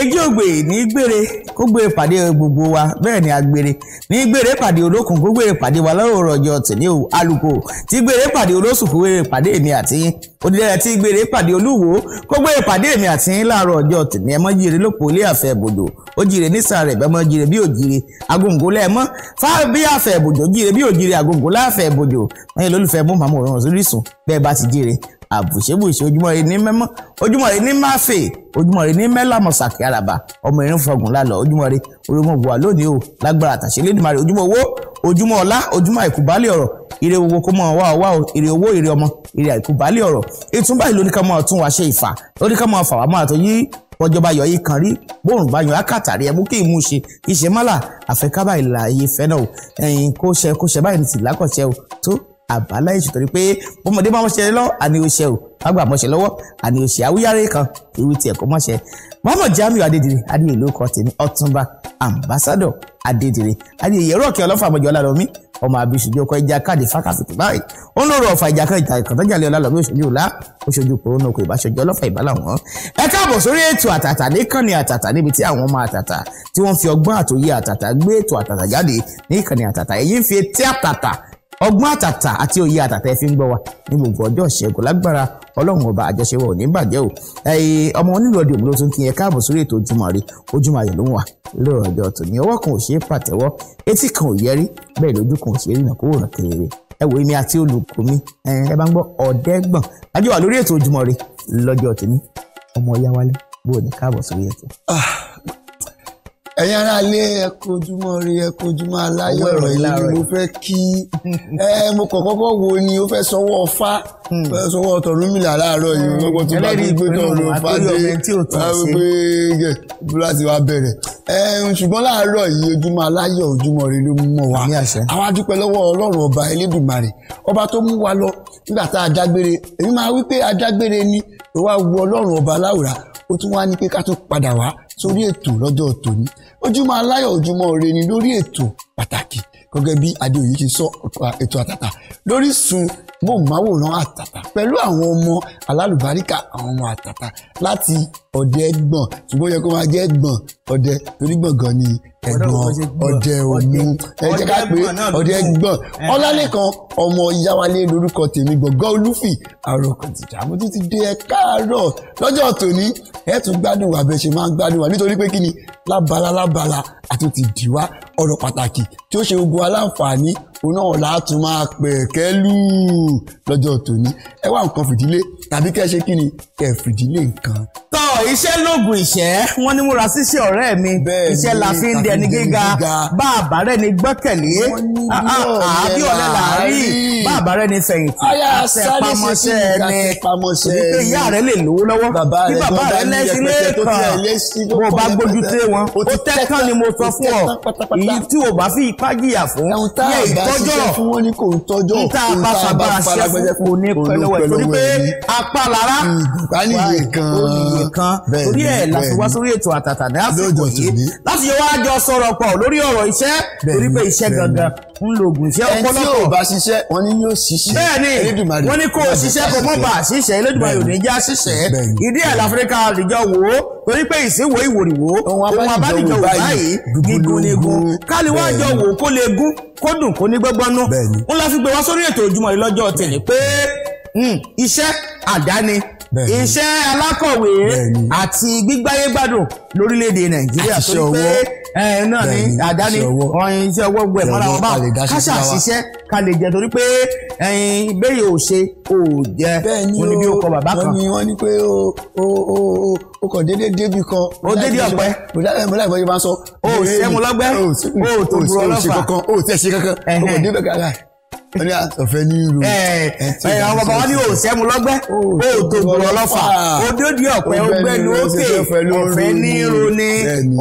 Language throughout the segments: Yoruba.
ejì ògbè ní gbére kó gbére pàdé gbogbo wa bẹ́ẹ̀ ni agbére ní gbére pàdé olókun kó gbére pàdé wa lọ́rọ̀ ọjọ́ tèmi o aluko tí gbére pàdé olóṣù kó gbére pàdé èmi àti yín onílẹ̀ tí gbére pàdé olúwo kó gbére pàdé èmi àti yín láàárọ̀ ọjọ́ tèmi ẹ mọ́ jíire lóko ilé àfẹ́ ibùdó ó jíire nísàrẹ̀ bẹ́ẹ̀ mọ́ jíire bí òjíire agungun lẹ́ẹ̀mọ́ fábí àfẹ́ ibùdó jíire bí òjíire àbùṣebùṣe ojúmọ́ rẹ ní mẹ́mọ́ ojúmọ́ rẹ ní máfè ojúmọ́ rẹ ní mẹ́làmọ̀sàkì àràbà ọmọ irin fọgùn lálọ́ ojúmọ́ rẹ orogún ògbó wa lónìí o lágbára àtàṣe lédìmọ̀ rẹ ojúmọ́ owó ojúmọ́ ọlá ojúmọ́ àìkú baálé ọ̀rọ̀ ire owó kó mọ wá wá ire owó ire ọmọ ire àìkú baálé ọ̀rọ̀ ìtún báyìí lóníkà máa tún wá ṣe ìfà lóníkà máa fà wá máa tó yí ọjọba yọ yìí kan rí bóòrùn bá yan akátàrí ẹ mú kí ìmú ṣe ìṣe mọ́là àfẹ́kábàá ìlà ayé fẹ́ náà o ẹ̀yìn kó ṣe kó ṣe báyìí ní tìlákọ̀ṣẹ́ o tó àbálá èṣù torí pé bọ́mọdé bá mọṣẹ lọ àní oṣẹ o bàgbà mọṣẹ lọ́wọ́ àní oṣẹ àwíyáre kan ìwé tiẹ̀ kó mọṣẹ Muhammad Jamiu Adédire adéyẹ ló kọ tèmi Ọ̀túnba ambassadọ Adédire adéyẹ yẹrọ kí ọlọfà àmọjọ Ọlálọmí ọmọ abisojú ọkọ ìjà káàdì fákàfìtì báyìí ó ń lòrò ọfà ìjà kan ìjà ìkàntàjàlẹ Ọlálọmí òṣèlú ọlá oṣojú kòrónà kò ìbáṣọjọ ọlọfà ìbálà wọn. ẹ káàbọ̀ sórí ètò àtàtà níkànnì àtàtà níbi tí àwọn ọmọ àtàtà tí wọ́n fi ọgbọ́n àtòyé àtàtà gbé ètò àtàtà jáde níkànnì àtàtà èyí ń fi etí àtàtà ọgbọ́n àtàtà àti òye àtàtà ẹ fi ń gbọ́ wa ní gbogbo ọjọ́ ìṣẹ́gun lágbára ọlọ́run ọba àjọṣewọ̀ ní bàjẹ́ o ọmọ onílù ọdẹ òmùlò tó ń kíyẹn káàbọ̀ sórí ètò ojúmọ́ ire ojúmọ́ ayọ̀ ló ń wà lóòrọ̀ ọjọ́ tòní ọwọ́ kan ò ṣeé pàtẹ́wọ́ etí kan ò yẹrí bẹ́ẹ̀ lójú kan ò ṣeé rìnà kó wòrán kéré ẹ wò mí àti olùkọ́ mi ẹ bá ń gbọ́ ọ̀dẹ́gbọ̀n ẹ̀yin ara lé ẹ kú ojúmọ́ ire ẹ ojúmọ́ aláyọ̀ ọ̀rọ̀ mo fẹ́ kí ẹ mo kọ́kọ́ wo ni fẹ́ sọwọ́ ọ̀fá hmm. sọwọ́ Ọ̀rúnmìlà làárọ̀ yìí bá mi gbé tọ̀ dé láti wá bẹ̀rẹ̀ ṣùgbọ́n láàárọ̀ yìí ojúmọ́ aláyọ̀ ojúmọ́ ire ló mú wa ọba ọba lọ nígbà tá ó tún wá ní pé ká tún padà wá sórí ètò lọ́jọ́ tòní ojúmọ́ aláyọ̀ ojúmọ́ ire ni lórí ètò pàtàkì gẹ́gẹ́ bí adéoyè ti sọ ètò àtàtà lórísun móhùnmáwòrán àtàtà pẹ̀lú àwọn ọmọ alálùbáríkà àwọn ọmọ àtàtà láti ọ̀dẹ ẹgbọ̀n ṣùgbọ́n yẹ kó máa jẹ́ ẹgbọ̀n ọ̀dẹ torí gbọ̀ngàn ni ẹgbọ̀n ọ̀dẹ òmu ẹ jẹ́ ká pé ọ̀dẹ ẹgbọ̀n ọlálẹ́kan ọmọ yáwálé lórúkọ tèmi gbọ̀ngàn olúfì àròkọ tìjà mo tún ti dé ẹ káàárọ̀ lọ́jọ́ tòní ẹ tún gbádùn wa bẹ́ẹ̀ ṣe máa ń gbádùn wa nítorí pé kí ni lábala lábala àti ti dìwá ọ̀rọ̀ pàtàkì tí ó ṣe gbogbo aláǹfààní òun náà látún máa pẹ̀kẹ́ lù lọ́jọ́ tòní ẹ wá nǹkan fìdílé tàbí kẹ́ ṣe kí ni kẹ́ fìdílé nǹkan. tọ́ iṣẹ́ lóògùn ìṣẹ́ wọ́n ní múra ṣíṣe ọ̀rẹ́ mi iṣẹ́ la fi ń dẹni gíga bá àbárẹ́ ni gbọ́kẹ̀lé ah, ah, àbí ọ̀lẹ làárí bá àbárẹ́ ni fẹ̀yìntì àtẹ̀pamọ́ṣẹ́ ni wípé ìyá rẹ̀ lè lówó lọ́wọ́ bí bàbá rẹ̀ lẹ́sìn lẹ́ẹ̀kan bó bá gbójú tẹ́ wọn ó tẹ́kàn ni mo sọ fún ọ èyí tí o bá fi ipá jìyà fún yẹ ìtọ́jọ́ níta bá fàbára ṣẹ́fún kò ní pẹ́lú torí pé a apá lára ìgbà hmm, ní ìwé kan ìwé kan torí ẹ̀ láti wá sórí ètò àtàtà ní àsìkò yìí láti yọ wá jọ sọ̀rọ̀ pọ̀ lórí ọ̀rọ̀ iṣẹ́ torí pé iṣẹ́ gangan ń lo oògùn iṣẹ́ ọpọlọpọ ẹni tí yóò bá ṣiṣẹ́ wọn ni yóò ṣiṣẹ́ bẹ́ẹ̀ni wọn ni kò ṣiṣẹ́ kò mọ̀ bá ṣiṣẹ́ Elédùmarè ní já ṣiṣẹ́ ìdí ẹ̀ iṣẹ́ àdáni iṣẹ́ alákọ̀wé àti gbígbáyé gbádùn lórílẹ̀‐èdè nàìjíríà tó ní pé ẹ náà ní àdáni ọ̀yin iṣẹ́ ọwọ́ gbọ́ ẹ̀ mọ́ra wọn báwọn káṣà ṣiṣẹ́ ká lè jẹ torí pé ẹyin bẹ́ẹ̀ yóò ṣe ò jẹ wọn ni bí o kọ bàbá kan. bẹ́ẹ̀ni wọ́n ní pé o o o o kàn déédéé débi kan. o déédéé ọ̀pẹ. mo dáhùn ìbọn sọ. o ò ṣẹ́ mu lọ́gbẹ́. o ò tó burú ọlọ́fà. o ò tẹ̀ ṣe kankan. o kàn déédéé kankan wọ́n ní àtọ̀fẹ́ ní irú. ẹ àwọn bàbá wọn ní o sẹ́mu lọ́gbẹ́ o tó gbòòrò ọlọ́fà o dójú ọ̀pẹ ọgbẹ́ ni ó kè ọ̀fẹ́ ní irú ni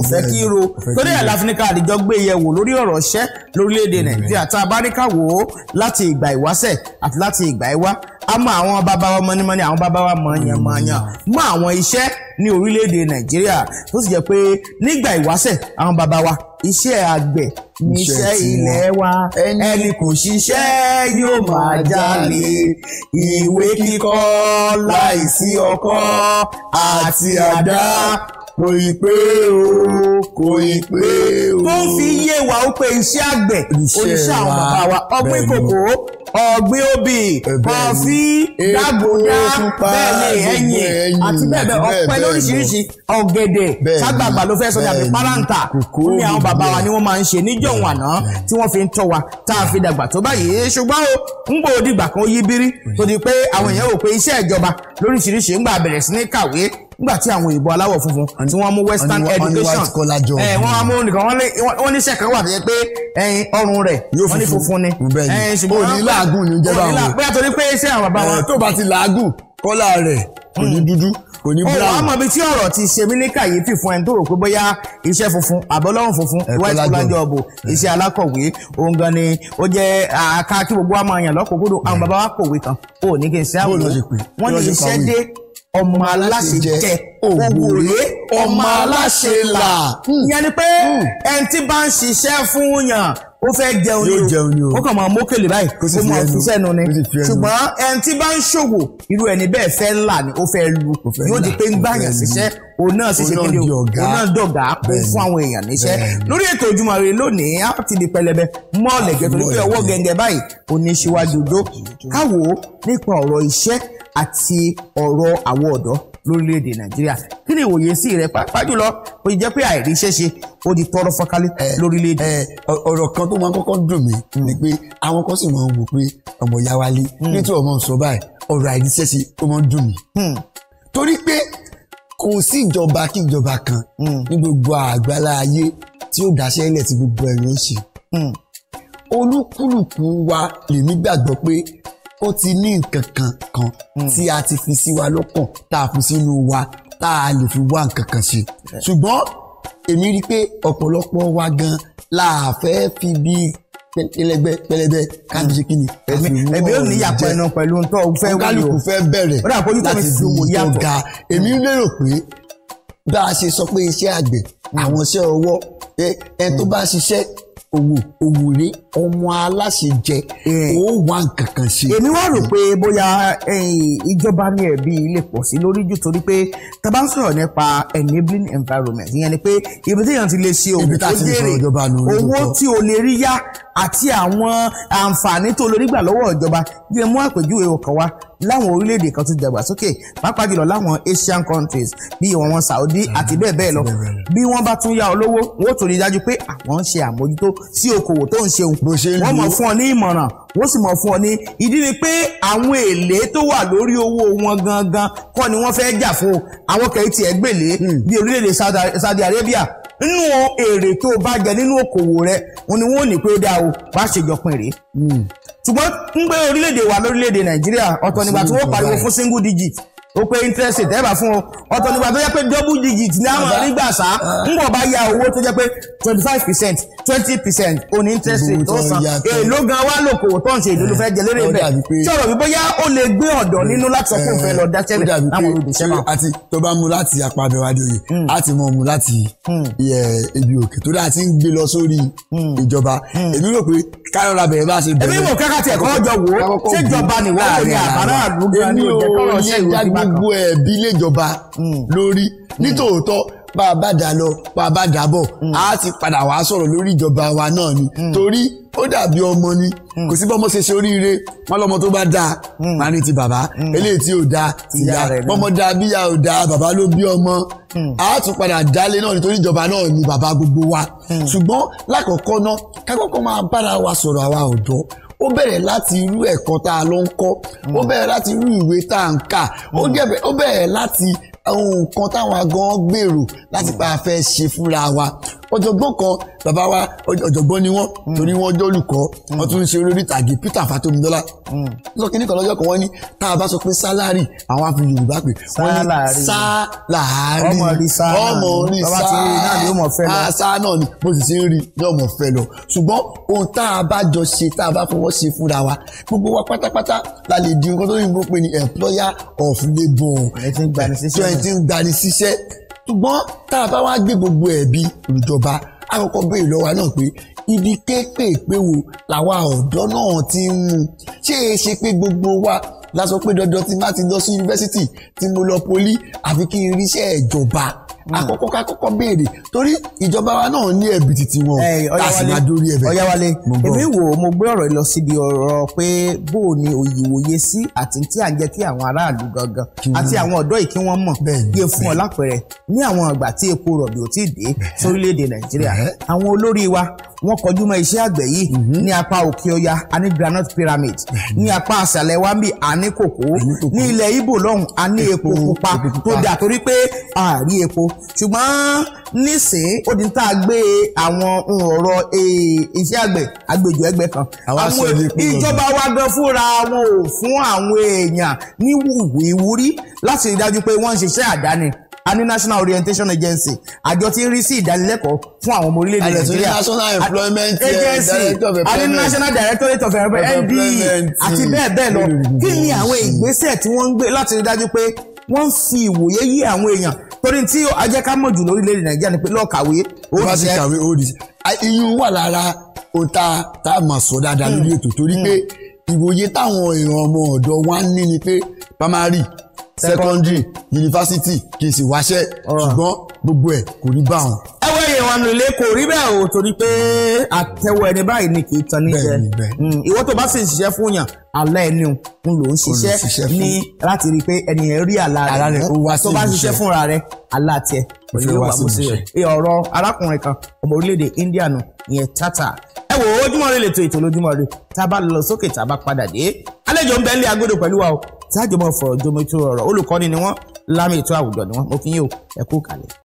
ọ̀fẹ́ kí irú torí ẹ̀ láfiníkà àdìjọ gbé yẹ̀ wò lórí ọ̀rọ̀ ṣẹ́ lórílẹ̀‐èdè nàìjíríà tá a bá ní ká wò ó láti ìgbà ìwáṣẹ̀ àti láti ìgbà ìwá a mọ àwọn bàbá wa mọ́nímọ́ní àwọn bàbá wa mọ̀ọ́yànmọ́ọ́yàn mọ àwọn iṣẹ́ ní orílẹ̀‐èdè nàìjíríà tó sì jẹ́ pé nígbà ìwáṣẹ̀ àwọn bàbá wa iṣẹ́ àgbẹ̀ níṣẹ́ ilẹ̀ wa ẹni kò ṣiṣẹ́ yóò máa jalè ìwé kíkọ́ láìsí ọkọ́ àti àdá kò ì pé o kò ì pé o. tó fi yé wa ó pé iṣẹ́ àgbẹ̀ oníṣẹ́ àwọn bàbá wa ọgbẹ́ kòkó ọ̀gbìn obì kọfí dàgbòdà bẹ́ẹ̀ni ẹ̀yìn àti bẹ́ẹ̀ bẹ́ẹ̀ ọ̀pẹ lóríṣiríṣi ọ̀gẹ̀dẹ̀ ságbàgbà ló fẹ́ sọ dàbí páráǹtà ó ní àwọn bàbá wa ni wọ́n máa ń ṣe níjọ̀hún àná tí wọ́n fi ń tọ́ wa tá a fi dàgbà tó báyìí eh, ṣùgbọ́n o ń gbò dìgbà kan yí bírí tó di pé àwọn èèyàn rò pé iṣẹ́ ìjọba lóríṣiríṣi ń gbà bẹ̀rẹ̀ sí ní kàwé nígbà tí àwọn òyìnbó aláwọ̀ funfun tí wọ́n mú western education ẹ̀ eh, wọ́n mú nìkan wọ́n ní sẹ́kàn wà tó yẹ pé ẹyin eh, ọrùn rẹ̀ wọ́n ní funfun ni eh, ṣùgbọ́n òní làágùn ní jẹba wọn bóyá torí pé iṣẹ́ àwọn bàbá wọn. tó bá ti làágùn kọ́lá rẹ̀ kò ní hmm. dúdú kò ní oh, brown. ọ̀rọ̀ àmọ́ ibi tí ọ̀rọ̀ ti ṣe mí ní kàyéfì fún ẹni tó rò pé bóyá iṣẹ́ funfun àbọ̀lọ́run funfun white collar job iṣẹ́ alákọ̀wé òun gan ni ó jẹ́ àká kí gbogbo wa máa lọ́kọ̀ọ́kọ́dọ̀ àwọn bàbá wa kọ̀wé kan ó ní kí n ṣe àwọn wọn ní iṣẹ́ dé ọmọ aláṣejẹ òwúrẹ ọmọ aláṣe là hmm. ìyẹn ni pé hmm. ẹni tí bá ń ṣiṣẹ́ fún yàn ó fẹ́ jẹun ni o ó kàn máa mókèlè báyìí kó sì máa fún sẹ́nu ni ṣùgbọ́n ẹni tí bá ń ṣòwò irú ẹni bẹ́ẹ̀ fẹ́ là ni ó fẹ́ lu yóò di pé ń gbàyàn ṣiṣẹ́ òun náà sì kí ni o òun náà dọ̀gá kó fún àwọn èèyàn níṣẹ́ lórí ètò Ojúmọ́ Ire lónìí á ti di pẹlẹbẹ mọ́ ọ̀lẹ̀gẹ́ torí pé ọwọ́ gẹ́gẹ́ báyìí oníṣíwájú dó káwo nípa ọ̀rọ̀ iṣẹ́ àti ọ̀rọ̀ àwọn ọ̀dọ́ lórílẹ̀‐èdè nàìjíríà kí ni ìwòye sí rẹ pàápàá jùlọ ó jẹ́ pé àìrí ṣẹ́ṣe ó di tọrọ fọ́nkálẹ̀ lórílẹ̀‐èdè. ọ̀rọ̀ kan tó máa ń kọ́kọ́ dùn mí ni pé àwọn kan sì máa ń wò pé ọmọ ìyá wa lé hmm. nítorí ọmọ sọ báyìí ọ̀rọ̀ àìrí ṣẹ́ṣe ó máa ń dùn mí. Hmm. torí pé kò sí ìjọba kí ìjọba kan hmm. ní gbogbo àgbálá ayé tí ó dáṣẹ́ ilẹ̀ tí gbogbo ẹ̀rọ ń ṣe olúkúlùkù wa lèmi gbàgbọ́ pé ó ti ní nǹkan kan kan hmm. tí a ti fi sí wa lọ́kàn tá a fi sínú wa tá a lè fi wá nǹkan kan ṣe ṣùgbọ́n èmi rí i pé ọ̀pọ̀lọpọ̀ wa gan la fẹ́ fi bí pẹlẹbẹ pẹlẹbẹ káàdì ṣe kíni. ẹ̀mí ò ní yàpọ̀ ẹ̀nà pẹ̀lú ohun fẹ́ wúlò kálukú fẹ́ bẹ̀rẹ̀ láti fi owó yàtọ̀ èmi hmm. lérò pé bá a ṣe sọ pé iṣẹ́ àgbẹ̀ hmm. àwọn iṣẹ́ ọwọ́ ẹ tó bá ṣiṣẹ́ òwò òwúrí ọmọ aláṣejẹ eh. ó wà nkankan sí. èmi wá rò pé bóyá eh, ìjọba ní ẹ̀bí lè pọ̀ sí lórí jù torí pé tá ń sọ̀rọ̀ nípa enabling environment ìyẹn ni pé ibi téèyàn ti lè ṣe òwò tó jèrè owó tí o lè rí yá àti àwọn àǹfààní tó lórí gbà lọ́wọ́ ìjọba yẹ mú àpèjúwe ọkọ̀ wa láwọn orílẹ̀-èdè kan tó dàgbà sókè pàápàá jùlọ láwọn asian countries bíi ìwọ̀n Saudi àti bẹ́ẹ̀ bẹ́ẹ̀ lọ mm-hmm. bí wọ́n bá tún yá ọ wọ́n tún rí dájú pé àwọn ń ṣe àmójútó sí okòwò tó ń ṣeun wọ́n mọ̀ fún ọ ní ìmọ̀ràn wọ́n sì mọ̀ fún ọ ní ìdí ni pé àwọn èlé tó wà lórí owó wọn gangan kọ́ ni wọ́n fẹ́ẹ́ jà fún àwọn kẹ̀yìn tiẹ̀ gbèlé hmm. bí Saudi Arabia nínú èrè tó bá jẹ nínú okòwò rẹ òun ni wọn ò ní pé ó dáa o bá ṣèjọpin rèé hmm. ṣùgbọ́n ń gbé orílẹ̀-èdè wa lórílẹ̀-èdè Nàìjíríà ọ̀tọ̀ nígbà tí wọ́n pariwo fún single digit ó pé interest rate ẹ bá fún o ọ̀tọ̀ nígbà tó jẹ́ pé double digit ní àwọn onígbà sá ńgbọ̀ bá ya owó tó jẹ́ pé twenty five percent twenty percent òní interest rate tó san èló gan wá lókòwò tó ń ṣe ìlú fẹ́ jẹ lérè bẹ́ẹ̀ sọ̀rọ̀ bí bóyá ó lè gbé ọ̀dọ̀ nínú láti sọ fún ìfẹ́ lọ dáṣẹ́ rẹ̀ láwọn olùdíṣẹ́ náà. àti tó bá mú láti apá abẹ́wádìí òye hmm. láti mọ̀ mú láti hmm. ibi òkè tó dáa ti ń gbé lọ sórí hmm. ìjọba èmi rò pé káyọ̀ la bẹ̀rẹ̀ bá ṣe bẹ̀rẹ̀. èmi mọ̀ kákàtì ẹ̀kọ́ ọjọ́ wo ṣé ìjọba nìwọ́n kò ní àbára àdúgbò ní òjẹ̀kọ́ gbogbo ẹ̀bí léjọba hmm. lórí hmm. nítòótọ́ bá a bá dà lọ bá a bá dà bọ̀ hmm. a ti padà wàá sọ̀rọ̀ lórí ìjọba wa náà ni torí ó dàbí ọmọ ni kò sí bọ́mọ ṣe ṣe oríire wọn lọmọ tó bá dáa máa ní ti bàbá eléyìí tí ò dáa ti yá bọ́mọ dáa bíyà ò dáa bàbá ló bí ọmọ a tún padà dálé náà nítorí ìjọba náà ni bàbá gbogbo wa ṣùgbọ́n lákọ̀ọ́kọ́ náà kákọ́kọ́ máa bára wa sọ̀rọ̀ àwa ọ̀dọ́ ó bẹ̀rẹ̀ láti irú ẹ̀kọ́ tá a ló ń kọ́ ó hmm. bẹ̀rẹ̀ láti irú ìwé tá a ń kà ó hmm. bẹ̀rẹ̀ láti nǹkan táwọn agan gbèrò láti hmm. pa afẹ́ ṣe fúnra wa ọ̀jọ̀gbọ́n kan bàbá wa ọ̀jọ̀gbọ́n ni wọ́n hmm. torí wọ́n jọ olùkọ́ hmm. wọ́n tún ń ṣe olórí ìtàgé Peter Fatomidọ́lá hmm. sọ kí nìkan lọ́jọ́ kan wọ́n ní tá a bá sọ pé sálárì àwọn á fi Yorùbá pé wọ́n ní sálárì ọmọ rí sáà ah, náà ni mo sì ti ń rí ní ọmọ fẹ́ lọ ṣùgbọ́n ohun tá a bá jọ ṣe tá a bá fọwọ́ ṣe fúnra wa gbogbo wa pátápátá la lè di nǹkan tó yìnbọn pé ni employer of labour ẹ̀ ti ń gbani síṣẹ́ ṣùgbọ́n tá a bá wá gbé gbogbo ẹ̀bi olùjọba àkọ́kọ́ bẹ́ẹ̀ lọ́wọ́ náà pé ibi kéékèèpé wo làwa ọ̀dọ́ náà ti ń mu ṣé e ṣe pé gbogbo wa la sọ pé dandan tí má ti lọ sí yunifásitì tí mo lọ poli àfi kí n ríṣẹ́ ìjọba Mm. àkọ́kọ́ ká kọ́kọ́ béèrè torí ìjọba wa náà ní ẹ̀bìtì tiwọn tá a sì máa dórí ẹ̀bẹ̀. ọ̀yáwálé èmi wò mo gbé ọ̀rọ̀ yìí lọ síbi ọ̀rọ̀ pé bó o ní òye wòye sí àti tí à ń jẹ́ kí àwọn aráàlú gangan àti àwọn ọ̀dọ́ yìí kí wọ́n mọ̀ yé fún ọ lápẹẹrẹ ní àwọn ìgbà tí epo rọ̀bì ò tí ì dé sórílẹ̀-èdè nàìjíríà àwọn olórí wa wọ́n kọjú mọ́ iṣẹ́ àgbẹ̀ yìí mhm. ní apá òkè ọya a ní granite pyramid mhm. ní apá àṣàlẹ̀ wa ń bì a ní kòkó ní ilẹ̀ Ìgbò lọ́hùn a epo pupa tó dà torí pé a rí epo ṣùgbọ́n nísìnyí ó di tá a gbé àwọn ọ̀rọ̀ e, iṣẹ́ àgbẹ̀ agbèjò ẹgbẹ́ kan àwọn ìjọba wa gan fúnra wọn ò fún àwọn èèyàn ní ìwúrí láti rí i dájú pé wọ́n ń ṣiṣẹ́ àdáni a ní national orientation agency àjọ tí ń rí sí ìdánilẹ́kọ̀ọ́ fún àwọn ọmọ orílẹ̀-èdè nàìjíríà national employment eh, agency a ní national directorate of e, employment àti bẹ́ẹ̀ bẹ́ẹ̀ lọ kí ni àwọn ìgbésẹ̀ tí wọ́n ń gbé láti rí dájú pé wọ́n ń fi ìwòye yí àwọn èèyàn torí tí ajẹ́ ká mọ̀ jù lórílẹ̀‐èdè nàìjíríà ni pé lọ́ọ̀ kàwé ó ti jẹ́ kàwé ó di iyún wà lára òta tá a mọ̀ sọ dáadáa lórí hmm. ètò torí pé hmm. ìwòye táwọn èèyàn ọmọ ọ̀dọ́ wa ń ní ni pé primary secondary university kì í sì wáṣẹ́ ah. ṣùgbọ́n gbogbo ẹ̀ kò rí bá wọn. ẹ wọ nílé kò rí bẹ́ẹ̀ o torí pé àtẹwọ́ ẹni báyìí ni kì í tan níṣẹ́ hmm, ìwọ tó bá sì ń fún yàn alẹ́ ẹni ń lò ó ṣiṣẹ́ ní láti rí i pé ẹni yẹn rí àlá rẹ̀ tó bá ṣiṣẹ́ fúnra rẹ̀ àlá tiẹ̀ òṣèlú wà bó ṣe rẹ̀ ọ̀rọ̀ arákùnrin kan ọmọ orílẹ̀-èdè India nù ìyẹn Tata ẹ wò ó Ojúmọ́ Ire lètò ètò lójúmọ́ Ire tá a bá lọ sókè tá a bá padà dé àlejò ń bẹ nílé pẹ̀lú wa o tí àjọmọ̀ fọ̀rọ̀ jomitoro ọ̀rọ̀ olùkọ́ni ni wọ́n lámì ètò àwùjọ ni wọ́n mo fi yín o ẹ kú kàlẹ̀.